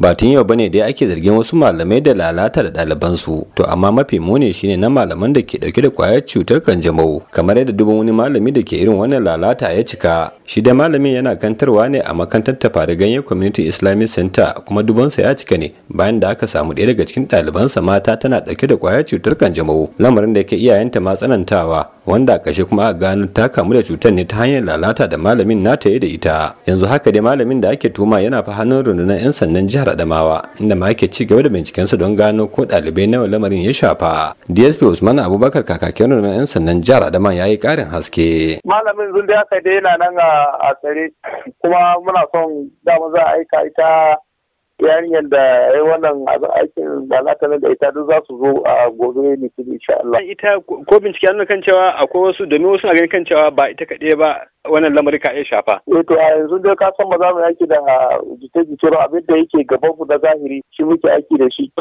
ba tun yau bane dai ake zargin wasu malamai da lalata da ɗalibansu to amma mafi muni shine na malaman da ke dauke da kwayar cutar kanjamau kamar yadda dubin wani malami da ke irin wannan lalata ya cika shi da malamin yana kantarwa ne a makantar tafari ganye community islamic center kuma dubansa ya cika ne bayan da aka samu ɗaya daga cikin ɗalibansa mata tana dauke da kwayar cutar kanjamau lamarin da ke iyayenta ma tsanantawa wanda kashe kuma a gano ta kamu da cutar ne ta hanyar lalata da malamin nata ya da ita yanzu haka dai malamin da ake tuma yana fa hannun rundunar 'yan sandan jihar adamawa inda ma ake ci gaba da bincikensa don gano ko ɗalibai nawa lamarin ya shafa dsp usman abubakar kakakin rundunar 'yan sandan jihar adama ya yi ƙarin haske malamin zun da aka yana nan a tsare kuma muna son dama za a aika ita yarinyar da ya wannan abin aikin ba na da ita duk za su zo a gobe litinin insha Allah. Ita ko bincike an kan cewa akwai wasu domin wasu na ganin kan cewa ba ita kaɗai ba wannan lamari ka iya shafa. Eh to a yanzu dai ka san ba za mu yaki da jita-jita abin da yake gaban mu na zahiri shi muke aiki da shi.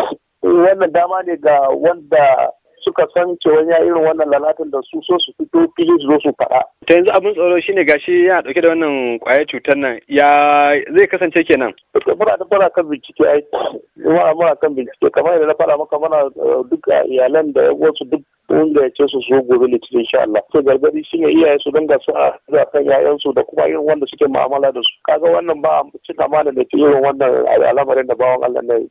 Eh, wannan dama ne ga wanda suka san cewa ya irin wannan lalatin da su so su fito fili su zo su faɗa. ta yanzu abin tsoro shine gashi yana dauke da wannan kwayar cutar nan ya zai kasance kenan. muna da fara kan bincike ai muna muna kan bincike kamar yadda na fara maka mana eh, duk iyalan da wasu duk mun gayyace su su gobe litinin insha Allah sai gargadi shi ne iyaye su dinga su a kan yayan su da kuma yin wanda suke mu'amala da su kaga wannan ba a cika amana da irin wannan al'amarin da bawan Allah ne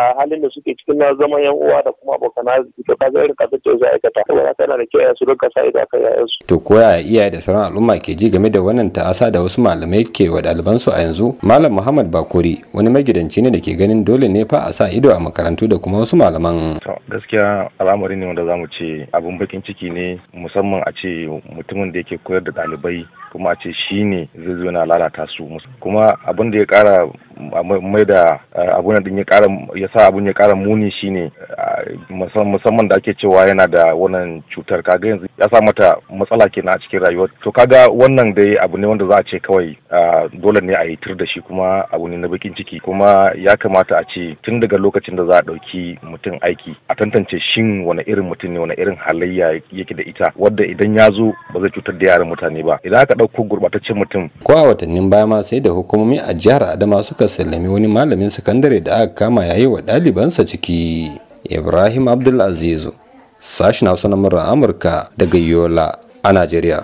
a halin da suke cikin zaman yan uwa da kuma abokan arziki to kaga irin kasar da za a aikata ya kana da kiyaye su dinga sa ido kan yayan su to ko ya iyaye da sauran al'umma ke ji game da wannan ta'asa da wasu malamai ke wa su a yanzu malam muhammad bakori wani magidanci ne da ke ganin dole ne fa a sa ido a makarantu da kuma wasu malaman gaskiya al'amari ne wanda za mu ci ce abin bakin ciki ne musamman a ce mutumin da yake koyar da ɗalibai kuma a ce shi ne zai zo na lalata su kuma abin da ya kara mai da eh, abun da ya kara ya sa abun ya kara muni shine eh, musamman da ake cewa yana da wannan cutar kaga yanzu ya sa mata matsala kenan a cikin rayuwa to kaga wannan dai abu ne wanda za a ce kawai eh, dole ne a yi tur da shi kuma abu ne na bakin ciki kuma ya kamata a ce tun daga lokacin da za a ɗauki mutum aiki a tantance shin wani irin mutum ne wani irin halayya yake da ita wadda idan ya zo ba zai cutar da yaran mutane ba idan aka ɗauko gurbataccen mutum ko a watannin baya ma sai da hukumomi a jihar adama suka sallami wani malamin sakandare da aka kama yayi wa ɗalibansa ciki ibrahim abdulaziz sashen hausa na amurka daga yola a najeriya